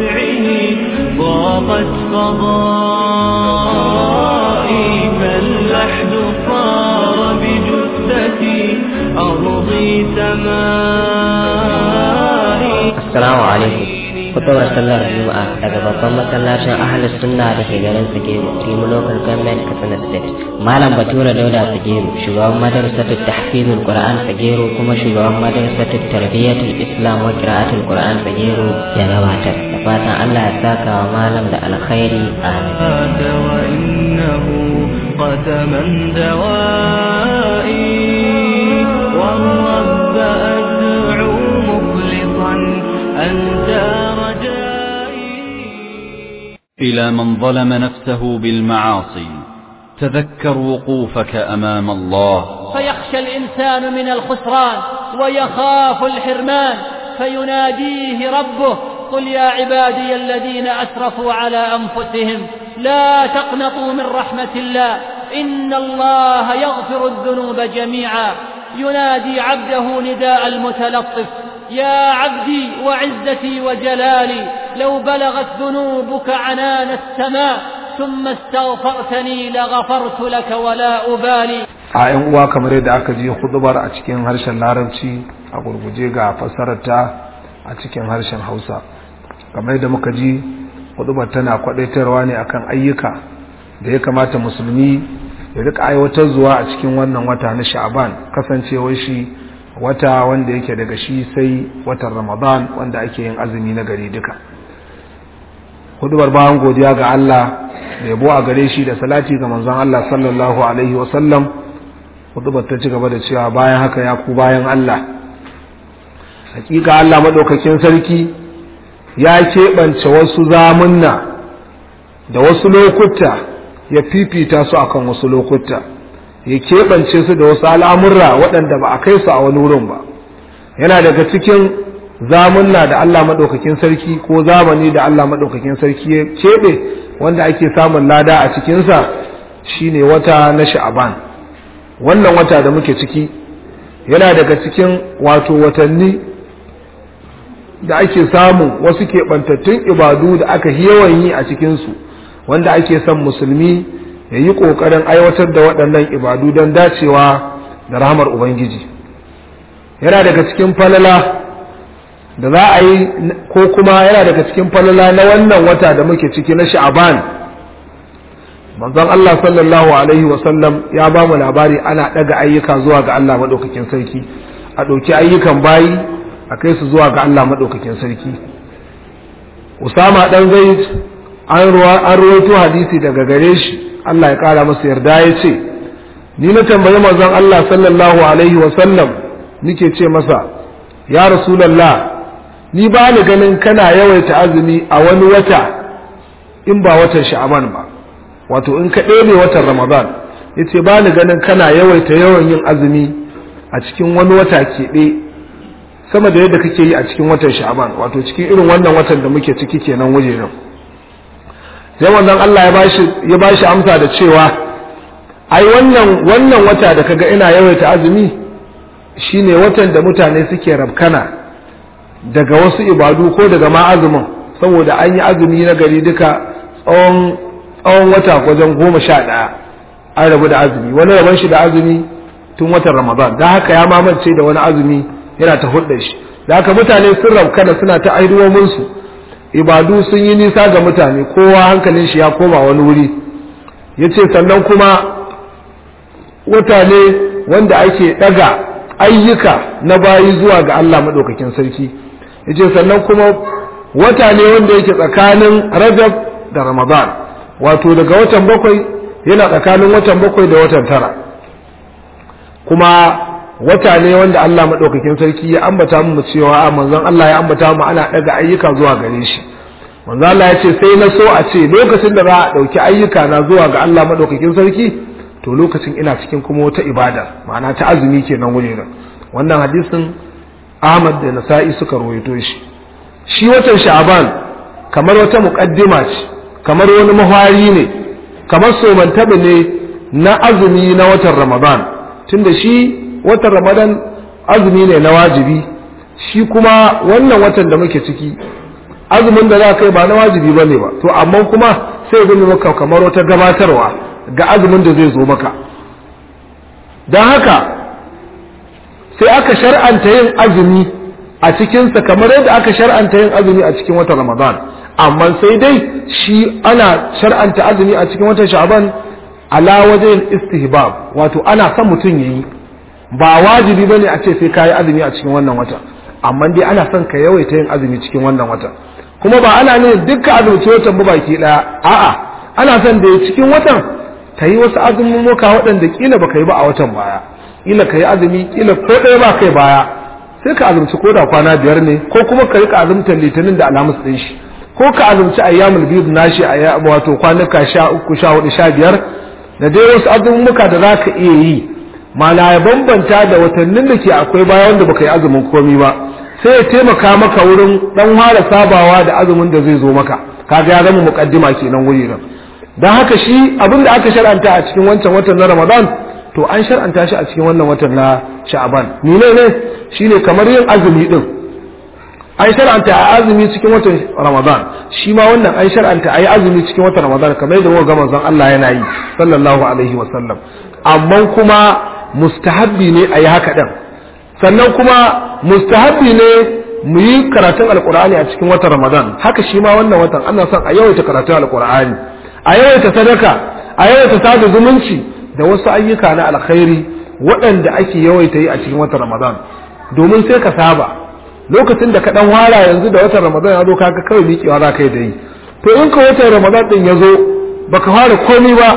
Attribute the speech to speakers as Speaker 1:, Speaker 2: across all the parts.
Speaker 1: رفعه ضاقت فضائي فاللحد صار بجثتي أرضي سمائي
Speaker 2: السلام عليكم فطور سلر يوم آه دعا بابا مسلر شان أهل السنة رفي غرن سكيم في ملوك الكامل القمين كسن السيت مالام بطور دولة سكيم شبا مدرسة التحفيظ القرآن سكيرو كما شبا مدرسة التربية الإسلام وقراءة القرآن سكيرو يا نواتر فاتا الله ساكا ومالام دعا الخير آمين
Speaker 1: وإنه قدما دوام
Speaker 2: إلى من ظلم نفسه بالمعاصي تذكر وقوفك أمام الله
Speaker 1: فيخشى الإنسان من الخسران ويخاف الحرمان فيناديه ربه قل يا عبادي الذين أسرفوا على أنفسهم لا تقنطوا من رحمة الله إن الله يغفر الذنوب جميعا ينادي عبده نداء المتلطف يا
Speaker 2: عبدي وعزتي وجلالي لو بلغت ذنوبك عنان السماء ثم استغفرتني لغفرت لك ولا أبالي
Speaker 1: a ‘yan uwa kamar yadda aka ji hudubar a cikin harshen larabci a gurguje ga fasarar ta a cikin harshen hausa kamar yadda muka ji hudubar tana kwadaitarwa ne akan ayyuka da ya kamata musulmi ya rika aiwatar zuwa a cikin wannan wata na sha'aban kasancewar shi wata wanda yake daga shi sai watan ramadan wanda ake yin azumi na gari duka hudubar bayan godiya ga Allah da yabo a gare shi da salati ga manzon Allah sallallahu alaihi wa sallam hudubar ta ci gaba da cewa bayan haka ya ku bayan Allah hakika Allah madaukakin sarki ya keɓance wasu zamunna da wasu lokuta ya fifita su akan wasu lokuta ya keɓance su da wasu al'amurra waɗanda ba a kai su a wani wurin ba yana daga cikin zamunna da Allah maɗaukakin sarki ko zamani da Allah maɗaukakin sarki ya keɓe wanda ake samun lada a cikinsa shine wata na sha'aban wannan wata da muke ciki yana daga cikin wato watanni da ake samu wasu keɓantattun ibadu da aka yawan yi a cikinsu wanda ake son musulmi ya yi ƙoƙarin aiwatar da waɗannan ibadu don dacewa da rahamar ubangiji yana daga cikin falala da za a yi ko kuma yana daga cikin falala na wannan wata da muke ciki na sha'aban manzon Allah sallallahu alaihi wasallam ya ba mu labari ana ɗaga ayyuka zuwa ga Allah maɗaukakin sarki a ɗauki ayyukan bayi a kai su zuwa ga Allah maɗaukakin sarki Usama ɗan Zaid an ruwaito hadisi daga gare shi Allah ya ƙara masa yarda ya ce ni na tambayi manzon Allah sallallahu alaihi wasallam nike ce masa ya rasulallah ni ba ni ganin kana yawaita azumi a wani wata in ba watan sha'aban ba wato in ka ne watan ramadan ya ce ba ni ganin kana yawaita yawan yin azumi a cikin wani wata keɓe sama da yadda kake yi a cikin watan sha'aban wato cikin irin wannan watan da muke ciki kenan waje nan sai wannan Allah ya bashi ya bashi amsa da cewa ai wannan wannan wata da kaga ina yawaita azumi shine watan da mutane suke rabkana daga wasu ibadu ko daga ma azumin saboda an yi azumi na gari duka tsawon tsawon wata wajen goma sha ɗaya an rabu da azumi wani rabon shi da azumi tun watan ramadan da haka ya mamance da wani azumi yana ta hulɗar shi da haka mutane sun rabkana suna ta su ibadu sun yi nisa ga mutane kowa hankalin shi ya koma wani wuri ya ce sannan kuma wata wanda ake ɗaga ayyuka na bayi zuwa ga Allah maɗaukakin sarki ya ce sannan kuma wata ne wanda yake tsakanin rajab da ramadan wato daga watan bakwai yana tsakanin watan bakwai da watan tara kuma wata ne wanda Allah maɗaukakin sarki ya ambata mu cewa a manzon Allah ya ambata mu ana daga ayyuka zuwa gare shi manzon Allah ya ce sai na so a ce lokacin da za a ɗauki ayyuka na zuwa ga Allah maɗaukakin sarki to lokacin ina cikin kuma wata ibada ma'ana ta azumi kenan nan wannan hadisin Ahmad da Nasa'i suka rawaito shi shi watan Sha'ban kamar wata muqaddima ce kamar wani mahwari ne kamar somantabi ne na azumi na watan Ramadan tunda shi watan ramadan azumi ne na wajibi shi kuma wannan watan da muke ciki azumin da za kai ba na wajibi ba ne ba to amma kuma sai zai maka kamar wata gabatarwa ga azumin da zai zo maka don haka sai aka shar'anta yin azumi a cikinsa kamar yadda aka shar'anta yin azumi a cikin watan ramadan amma sai dai shi ana shar'anta azumi a cikin watan sha'aban ala wajen istihbab wato ana son mutum ya yi ba wajibi bane a ce sai kayi azumi a cikin wannan wata amma dai ana son ka yawaita yin azumi cikin wannan wata kuma ba ana ne dukkan azumci watan ba baki daya a'a ana son da cikin watan ka yi wasu azumumuka waɗanda kila ba ka yi ba a watan baya kila ka yi azumi kila ko ɗaya ba kai baya sai ka azumci ko da kwana biyar ne ko kuma ka rika azumtar litinin da alhamis ɗin shi ko ka azumci ayyamul bid nashi a wato kwanuka sha uku sha hudu sha biyar da dai wasu azumin azumumuka da za ka iya yi mana ya bambanta da watannin da ke akwai baya wanda baka yi azumin komi ba sai ya taimaka maka wurin dan fara sabawa da azumin da zai zo maka kaga ya zama muqaddima kenan wuri nan dan haka shi abin da aka shar'anta a cikin wancan watan na Ramadan to an shar'anta shi a cikin wannan watan na Sha'ban ni ne ne shine kamar yin azumi din an shar'anta a azumi cikin watan Ramadan shi ma wannan an shar'anta a yi azumi cikin watan Ramadan kamar yadda muka ga manzon Allah yana yi sallallahu alaihi wasallam amma kuma mustahabbi ne a yi haka ɗin sannan kuma mustahabbi ne mu yi karatun alkur'ani a cikin watan ramadan haka shi ma wannan watan ana son a yawaita karatun alkur'ani a yawaita sadaka a yawaita sada zumunci da wasu ayyuka na alkhairi waɗanda ake yawaita yi a cikin watan ramadan domin sai ka saba lokacin da ka ɗan wara yanzu da watan ramadan ya zo kaga kawai miƙewa za ka yi da yi to in ka watan ramadan din ya zo baka fara komi ba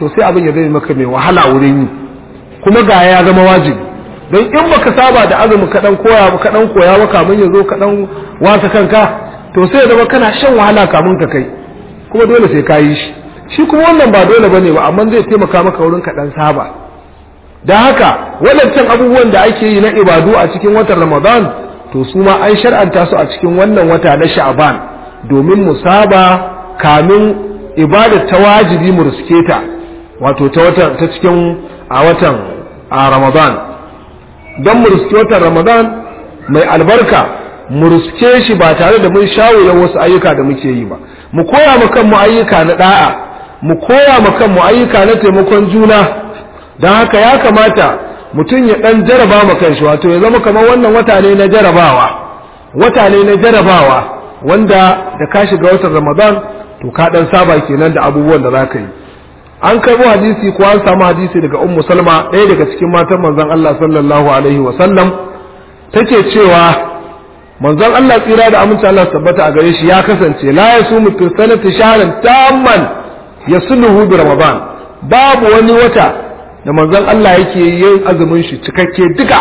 Speaker 1: to sai abin ya zai maka mai wahala wurin yi kuma ga ya zama wajibi don in baka saba da azumin ka dan koya ba ka koya ba kamun ya zo ka dan wasa kanka to sai zama kana shan wahala kamun ka kai kuma dole sai ka yi shi shi kuma wannan ba dole bane ba amma zai taimaka maka wurin ka saba da haka waɗancan abubuwan da ake yi na ibadu a cikin watan Ramadan to su ma an shar'anta su a cikin wannan wata na Sha'ban domin mu saba kamin ibada ta wajibi mu riske ta wato ta wata ta cikin a watan a ramadan don mu watan ramadan mai albarka mu ruske shi ba tare da mun shawulan wasu ayyuka da muke yi ba mu koya mu kanmu ayyuka na da'a mu koya mu kanmu ayyuka na taimakon juna don haka ya kamata mutum ya dan jaraba mu kanshi wato ya zama kamar wannan wata ne na jarabawa wata ne na jarabawa wanda da ka shiga watan ramadan to ka dan saba kenan da abubuwan da za ka yi an karbo hadisi ko an samu hadisi daga ummu salma ɗaya daga cikin matan manzon Allah sallallahu alaihi wa sallam take cewa manzon Allah tsira da aminci Allah tabbata a gare shi ya kasance la yasumu fi shahran tamman yasluhu bi ramadan babu wani wata da manzon Allah yake yin azumin shi cikakke duka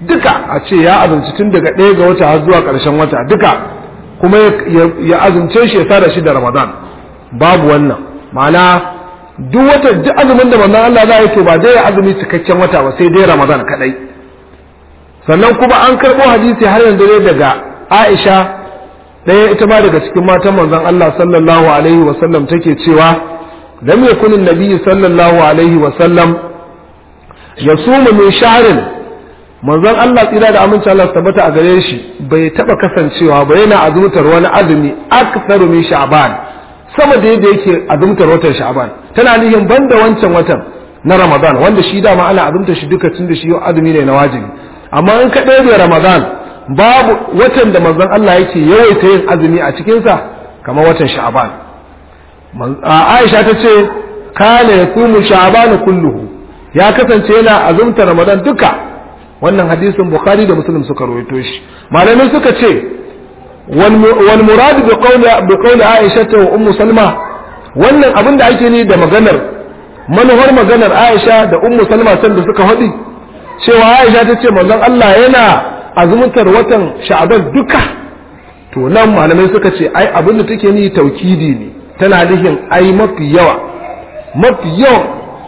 Speaker 1: duka a ce ya azumci tun daga ɗaya ga wata har zuwa ƙarshen wata duka kuma ya azumce shi ya sada shi da ramadan babu wannan ma'ana duk wata duk azumin da manzon Allah za a yi to ba dai azumi cikakken wata ba sai dai Ramadan kadai sannan kuma an karbo hadisi har yanzu dai daga Aisha ɗaya ita ma daga cikin matan manzon Allah sallallahu alaihi wa sallam take cewa lam yakun annabi sallallahu alaihi wa sallam yasumu min sha'rin manzon Allah tsira da aminci Allah tabbata a gare shi bai taba kasancewa ba yana azumtar wani azumi aktsaru min sha'ban sama da yadda yake azumtar watan sha'aban tana nihin da wancan watan na ramadan wanda shi dama ana azumtar shi duka tun da shi azumi ne na wajibi amma in ka ɗaya ramadan babu watan da manzon Allah yake yawaita yin azumi a cikinsa kamar watan sha'aban aisha ta ce kana yakumu sha'aban kulluhu ya kasance yana azumtar ramadan duka wannan hadisin bukhari da muslim suka rawaito shi malamai suka ce والمراد بقول بقول عائشة وأم سلمة wannan abin da ake ni da maganar manuwar maganar Aisha da Ummu Salma san da suka haɗi? cewa Aisha ta ce manzon Allah yana azumtar watan Sha'ban duka to nan malamai suka ce ai abin da take ni taukidi ne tana nihin ai mafi yawa mafi yawa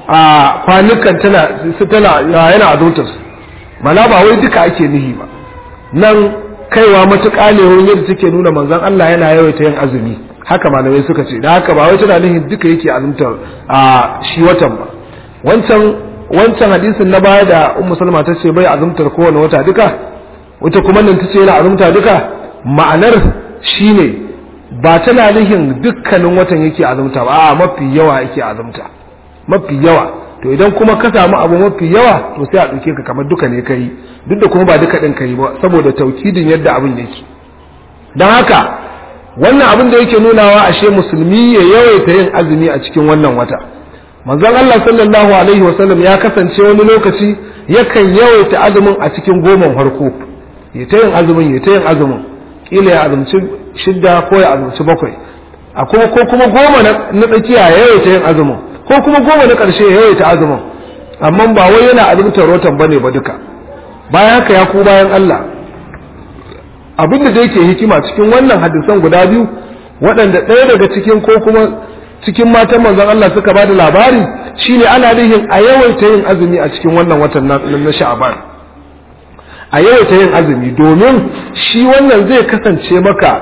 Speaker 1: a kwanukan tana tana yana azumtar su mana ba wai duka ake nihi ba nan kaiwa matuƙa ne wurin yadda take nuna manzan Allah yana yawaita yin azumi haka malamai suka ce da haka ba wai tana nihin duka yake azumtar a shi watan ba wancan wancan hadisin na baya da ummu salma ta ce bai azumtar kowane wata duka wata kuma nan ta ce yana azumta duka ma'anar shine ba tana nihin dukkanin watan yake azumta ba a mafi yawa yake azumta mafi yawa to idan kuma ka samu abu mafi yawa to sai a ɗauke ka kamar duka ne kai duk da kuma ba duka ɗin kai ba saboda taukidin yadda abin yake don haka wannan abin da yake nunawa ashe musulmi ya yawaita yin azumi a cikin wannan wata manzon Allah sallallahu alaihi wasallam ya kasance wani lokaci yakan yawaita azumin a cikin goman farko ya ta yin azumin ya ta yin azumin kila ya azumci shidda ko ya azumci bakwai a kuma ko kuma goma na tsakiya ya yawaita yin azumin ko kuma goma na ƙarshe ya yawaita azumin amma ba wai yana azumtar rotan bane ba duka bayan haka ya ku bayan Allah abinda da yake hikima cikin wannan hadisan guda biyu waɗanda ɗaya daga cikin ko kuma cikin matan manzon Allah suka ba da labari shine ana nihin a yawaita yin azumi a cikin wannan watan na sha'aban a yawaita yin azumi domin shi wannan zai kasance maka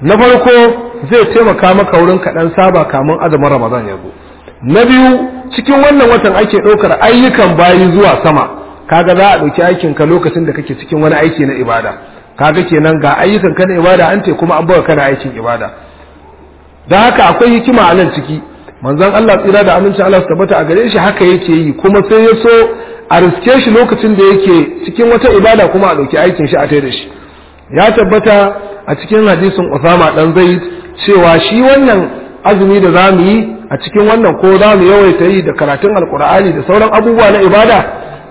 Speaker 1: na farko zai taimaka maka wurin kaɗan saba kamun azumin ramadan ya zo na biyu cikin wannan watan ake ɗaukar ayyukan bayi zuwa sama kaga za a ɗauki aikinka lokacin da kake cikin wani aiki na ibada kaga kenan ga ayyukan ka na ibada an ce kuma an baka kana aikin ibada dan haka akwai hikima a nan ciki manzon Allah tsira da amincin Allah su tabbata a gare shi haka yake yi kuma sai ya so a riske shi lokacin da yake cikin wata ibada kuma a ɗauki aikin shi a tai da shi ya tabbata a cikin hadisin Usama dan Zaid cewa shi wannan azumi da zamu yi a cikin wannan ko zamu yawaita yi da karatun alkur'ani da sauran abubuwa na ibada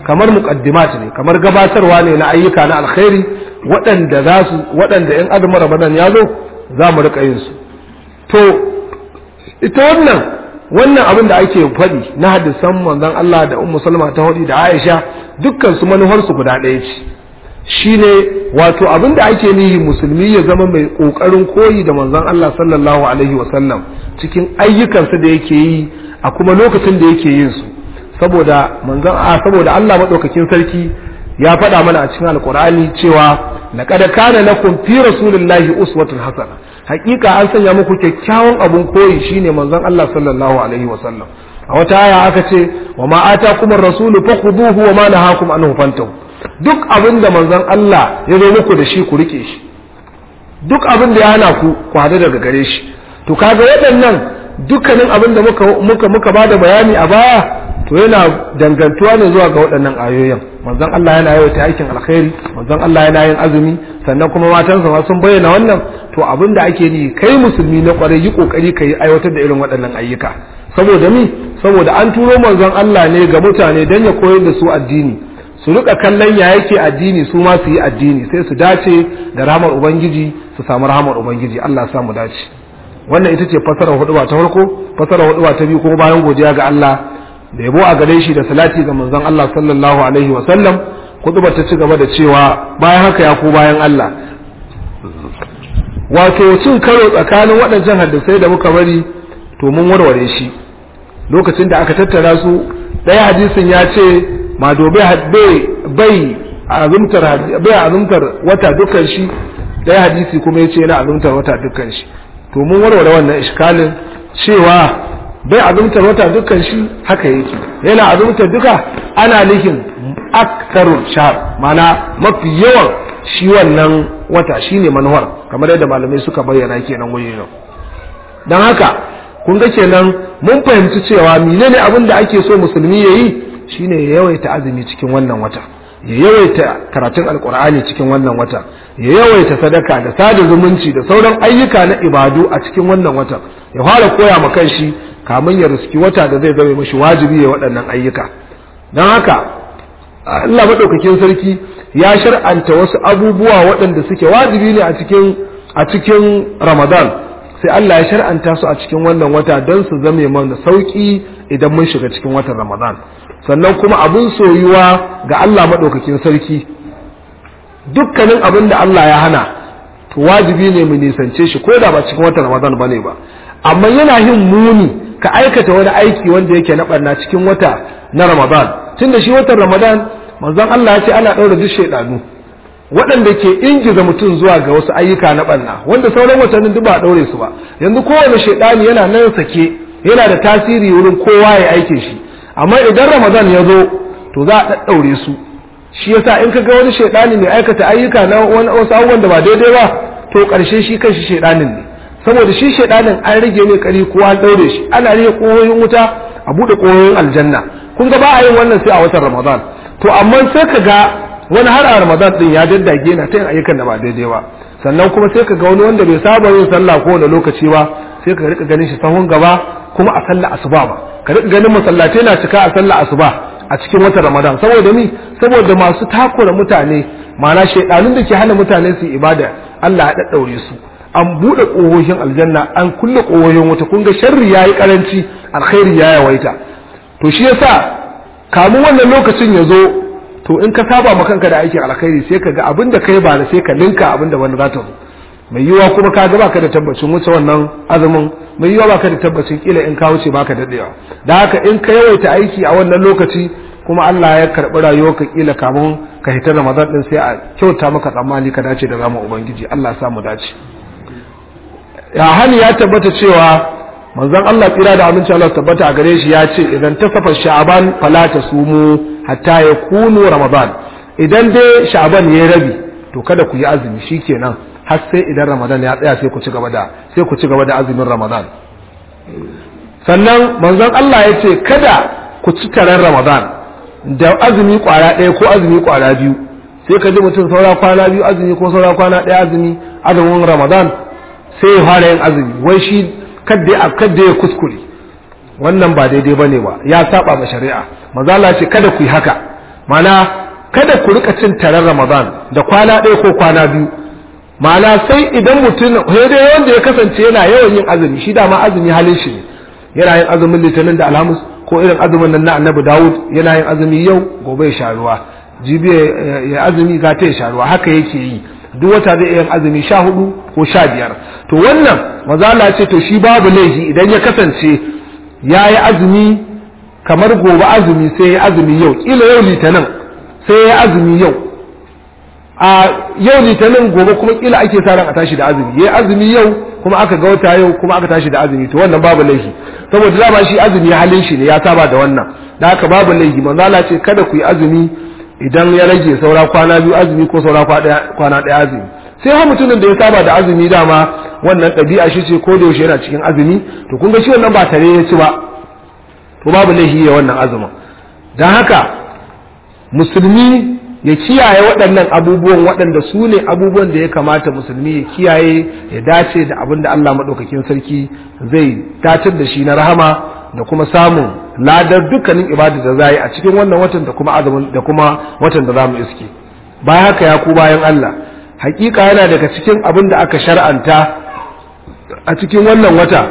Speaker 1: kamar muqaddimat ne kamar gabatarwa ne na ayyuka na alkhairi waɗanda za su waɗanda in azumin Ramadan ya zo za mu rika yin su to ita wannan wannan abin da ake faɗi na hadisan manzon Allah da Ummu Salma ta hudi da Aisha dukkan su manufarsu guda ɗaya ce shine wato abin da ake nihi musulmi ya zama mai ƙoƙarin koyi da manzon Allah sallallahu alaihi wasallam cikin ayyukansa da yake yi a kuma lokacin da yake yin su saboda manzon a saboda Allah madaukakin sarki ya faɗa mana a cikin alkur'ani cewa laqad kana lakum fi rasulillahi uswatun hasana hakika an sanya muku kyakkyawan abun koyi shine manzon Allah sallallahu alaihi wasallam a wata aya aka ce wa ma atakumur rasulu fakhuduhu wa ma nahakum anhu fantahu duk abin da manzon Allah ya zo muku da shi ku rike shi duk abin da ya hana ku ku hadu daga gare shi to kaga waɗannan dukkanin abin da muka muka muka bada bayani a baya to yana dangantuwa ne zuwa ga waɗannan ayoyin manzon Allah yana yi ta aikin alkhairi manzon Allah yana yin azumi sannan kuma matansa ma sun bayyana wannan to abin da ake ni kai musulmi na kwarai yi kokari kai aiwatar da irin waɗannan ayyuka saboda mi saboda an turo manzon Allah ne ga mutane dan ya koyar da su addini su rika kallon ya yake addini su ma su yi addini sai su dace da rahamar ubangiji su samu rahamar ubangiji Allah ya mu dace wannan ita ce hudu ba ta farko fasarar ba ta biyu kuma bayan godiya ga Allah da yabo a gare shi da salati ga manzon Allah sallallahu alaihi wa sallam hudubar ta ci gaba da cewa bayan haka ya ko bayan Allah wato cin karo tsakanin waɗancan hadisai da muka bari to mun warware shi lokacin da aka tattara su ɗaya hadisin ya ce ma dobe bai azumtar bai azumtar wata dukkan shi dai hadisi kuma yace yana azumtar wata dukkan shi to mun warware wannan iskalin cewa bai azumtar wata dukkan shi haka yake yana azumtar duka ana likin aktarul shahr mana mafi yawan shi wannan wata shine manuwar kamar yadda malamai suka bayyana kenan wajen yau dan haka kun ga kenan mun fahimci cewa menene abin da ake so musulmi yayi shine ya yawaita azumi cikin wannan wata ya yawaita karatun alkur'ani cikin wannan wata ya yawaita sadaka da sada zumunci da sauran ayyuka na ibadu a cikin wannan wata ya fara koya ma kanshi kamun ya riski wata da zai zama mashi wajibi ya waɗannan ayyuka don haka Allah maɗaukakin sarki ya shar'anta wasu abubuwa waɗanda suke wajibi ne a cikin a cikin Ramadan sai Allah ya shar'anta su a cikin wannan wata don su zame mana sauki idan mun shiga cikin watan ramadan sannan kuma abin soyuwa ga Allah maɗaukakin sarki dukkanin abin da Allah ya hana to wajibi ne mu nisance shi ko da ba cikin watan ramadan ba ne ba amma yana yin muni ka aikata wani aiki wanda yake na barna cikin wata na ramadan tun da shi watan ramadan manzon Allah ya ce ana ɗaura duk shaidanu waɗanda ke ingiza mutum zuwa ga wasu ayyuka na ɓanna wanda sauran watannin duk ba a ɗaure su ba yanzu kowane shaidani yana nan sake yana da tasiri wurin kowa ya aike shi amma idan ramadan ya zo to za a ɗaɗɗaure su shi yasa in ka ga wani shaidani mai aikata ayyuka na wani wasu abubuwan da ba daidai ba to ƙarshe shi kan shi shaidanin ne saboda shi shaidanin an rage ne kari kowa an ɗaure shi ana rage ƙoyoyin wuta a buɗe ƙoyoyin aljanna kun ga ba a yin wannan sai a watan ramadan to amma sai ka ga wani har a ramadan din ya daddage na ta yin ayyukan da ba daidai ba sannan kuma sai ka ga wani wanda bai saba yin sallah ko da lokaci ba sai ka rika ganin shi sahun gaba kuma a sallah asuba ba ka rika ganin masallatai na cika a sallah asuba a cikin watan ramadan saboda ni saboda masu takura mutane ma'ana shaidanun da ke hana mutane su ibada Allah ya daddaure su an buɗe kohohin aljanna an kulle kohohin wuta kun ga sharri yayi karanci alkhairi ya yawaita to shi yasa kamun wannan lokacin ya zo to in ka saba ma kanka da aikin alkhairi sai ka ga abin da kai ba sai ka linka abin da wani za ta zo mai yiwuwa kuma ka gaba ka da tabbacin wuce wannan azumin mai yiwa baka da tabbacin kila in ka wuce baka dadewa da haka in ka yawaita aiki a wannan lokaci kuma Allah ya karɓi karbi ka kila kamun ka hita Ramadan din sai a kyauta maka tsammani ka dace da zama ubangiji Allah ya mu dace ya hani ya tabbata cewa manzon Allah tsira da aminci Allah tabbata a gare shi ya ce idan ta tasafa sha'aban fala sumu hatta ya kunu ramadan idan dai sha'ban yi rabi to kada ku yi azumi shikenan har sai idan ramadan ya tsaya sai ku ci gaba da sai ku ci gaba da azumin ramadan sannan manzon Allah ya ce kada ku ci taren ramadan da azumi kwara ɗaya ko azumi kwara biyu sai ka ji mutum saura kwana biyu azumi ko saura kwana ɗaya azumi azumin ramadan sai ya fara yin azumi wai shi kadda ya kadda ya kuskure wannan ba daidai bane ba ya saba ma shari'a manzon Allah ce kada ku yi haka mana kada ku rika cin taron ramadan da kwana ɗaya ko kwana biyu ma'ana sai idan mutum dai wanda ya kasance yana yawan yin azumi shi dama azumi halin shi ne yana yin azumin litinin da alhamis ko irin azumin nan na annabi dawud yana yin azumi yau gobe ya sharuwa jibi ya azumi ta ya sharuwa haka yake yi duk wata zai yin azumi sha hudu ko sha biyar to wannan mazala ce to shi babu laifi idan ya kasance ya yi azumi kamar gobe azumi sai ya azumi yau kila yau litinin sai ya azumi yau a yau litinin gobe kuma kila ake sa ran a tashi da azumi yayi azumi yau kuma aka ga wata yau kuma aka tashi da azumi to wannan babu laifi saboda dama shi azumi halin shi ne ya saba da wannan da haka babu laifi manzo Allah ce kada ku yi azumi idan ya rage saura kwana biyu azumi ko saura kwana daya azumi sai ha mutumin da ya saba da azumi dama wannan ɗabi'a shi ce ko da yaushe yana cikin azumi to kun ga shi wannan ba tare ya ci ba to babu laifi ya wannan azumin dan haka musulmi ya kiyaye waɗannan abubuwan waɗanda su ne abubuwan da ya kamata musulmi ya kiyaye ya dace da abin da Allah maɗaukakin sarki zai tatar da shi na rahama da kuma samun ladar dukkanin ibada da za yi a cikin wannan watan da kuma azumin da kuma watan da za mu iske bayan haka ya ku bayan Allah hakika yana daga cikin abin da aka shar'anta a cikin wannan wata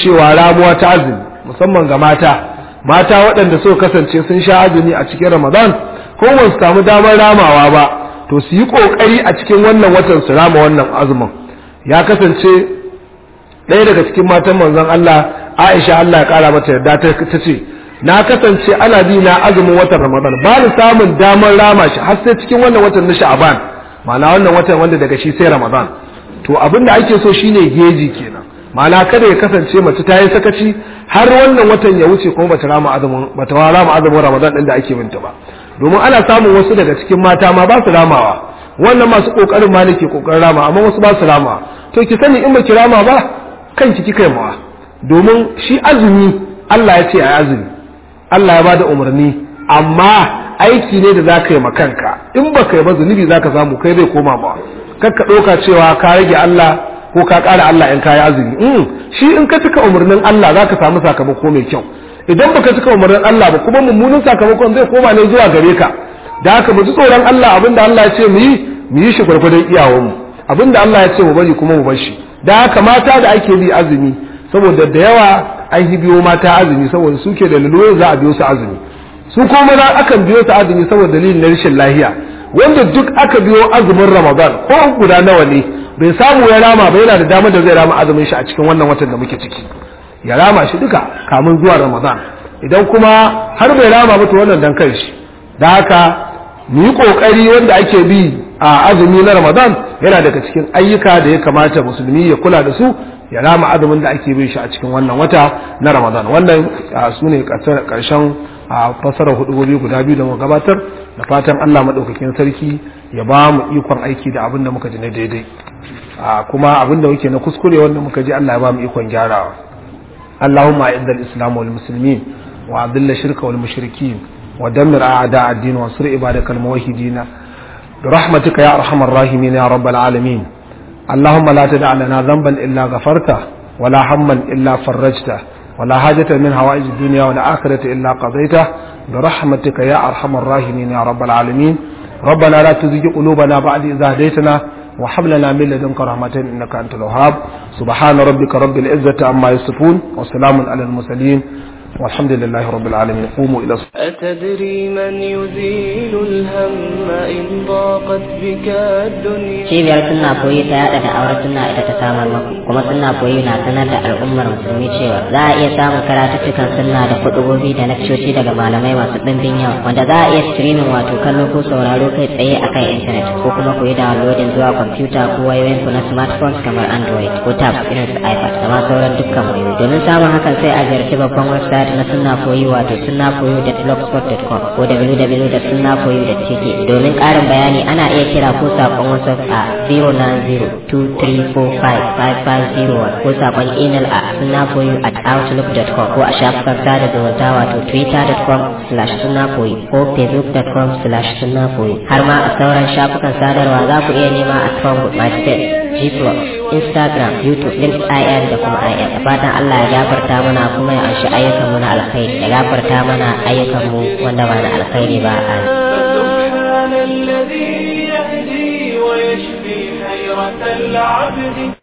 Speaker 1: cewa ramuwa ta azumi musamman ga mata mata waɗanda suka kasance sun sha azumi a cikin ramadan ko ba su samu damar ramawa ba to su yi kokari a cikin wannan watan su rama wannan azumin ya kasance ɗaya daga cikin matan manzon Allah Aisha Allah ya kara mata yarda ta ce na kasance ana bi na azumin watan Ramadan ba ni samun damar rama shi har sai cikin wannan watan na Sha'ban ma'ana wannan watan wanda daga shi sai Ramadan to abin da ake so shine geji kenan ma'ana kada ya kasance mace ta yi sakaci har wannan watan ya wuce kuma bata rama azumin bata rama azumin Ramadan din da ake binta ba domin ana samun wasu daga cikin mata ma ba su ramawa wannan masu kokarin ma nake kokarin rama amma wasu ba su rama to ki sani in ba ki rama ba kanki kika yi mawa domin shi azumi Allah ya ce a azumi Allah ya bada umarni amma aiki ne da zaka yi ma kanka in ba kai ba zunubi zaka samu kai zai koma ba kar ka ɗauka cewa ka rage Allah ko ka ƙara Allah in kayi azumi mm, shi in ka cika umarnin Allah zaka samu sakamako mai kyau idan baka cika umarnin Allah ba kuma mummunan sakamakon zai koma ne zuwa gare ka da haka mu ji tsoron Allah abinda Allah ya ce mu yi mu yi shi gwargwadon iyawun mu abinda Allah ya ce mu bari kuma mu bar shi da haka mata da ake bi azumi saboda da yawa an yi biyo mata azumi saboda suke da lalurai za a biyo su azumi su kuma za akan biyo su azumi saboda dalilin na rashin lahiya wanda duk aka biyo azumin ramadan ko guda nawa ne bai samu ya rama ba yana da damar da zai rama azumin shi a cikin wannan watan da muke ciki ya rama shi duka kamun zuwa ramadan idan kuma har bai rama mutu wannan dan kai shi da haka mu yi kokari wanda ake bi a azumi na ramadan yana daga cikin ayyuka da ya kamata musulmi ya kula da su ya rama azumin da ake bin shi a cikin wannan wata na ramadan wannan su ne karshen a fasarar gobe guda biyu da gabatar da fatan allah maɗaukakin sarki ya ba mu ikon aiki da abin da muka ji na daidai kuma abin da muke na kuskure wanda muka ji allah ya ba mu ikon gyarawa اللهم أعز الإسلام والمسلمين وأذل الشرك والمشركين ودمر أعداء الدين وانصر عبادك الموحدين برحمتك يا أرحم الراحمين يا رب العالمين اللهم لا تدع لنا ذنبا إلا غفرته ولا هما إلا فرجته ولا حاجة من هوائج الدنيا والآخرة إلا قضيته برحمتك يا أرحم الراحمين يا رب العالمين ربنا لا تزيج قلوبنا بعد إذا هديتنا وحملنا من لدنك رحمة إنك أنت الوهاب سبحان ربك رب العزة عما يصفون وسلام على المرسلين والحمد لله رب العالمين قوموا إلى الصلاة أتدري من يزيل الهم إن ضاقت بك الدنيا شيف يرسلنا بوي تيادة أورتنا إذا تسامر مكو كما سلنا بوي ناتنا
Speaker 2: دع الأمر مسلمي شيوا لا يسام كراتك كان سلنا دخل أبوه دانك شوشي دقم على ما يواسطن بينيا وانت ذا يسترين واتو كنوكو سورالو كي تأيي أكاي انترنت وكما كوي داولود انزوا كمبيوتر كوي وين كنا سمارت فونس كما أندرويد وتابس إنو الآيباد كما سورا دكا مويوي دون سامحا كان سيأجر كبا بانغر سادة site na sunna for you wato sunnaforyou.blogspot.com ko www.sunnaforyou.tk domin ƙarin bayani ana iya kira ko saƙon WhatsApp a 09023455501 ko saƙon email a sunnaforyou at outlook.com ko a shafukan sada zumunta wato twitter.com slash sunnaforyou ko facebook.com slash sunnaforyou har ma a sauran shafukan sadarwa za ku iya nema a Trumpet MySpace G-Plus, Instagram, YouTube, LinkedIn da kuma IN. Da fatan Allah ya gafarta mana kuma ya ashe ayyukan mu na alkhairi, ya gafarta mana ayyukan mu wanda ba na alkhairi ba a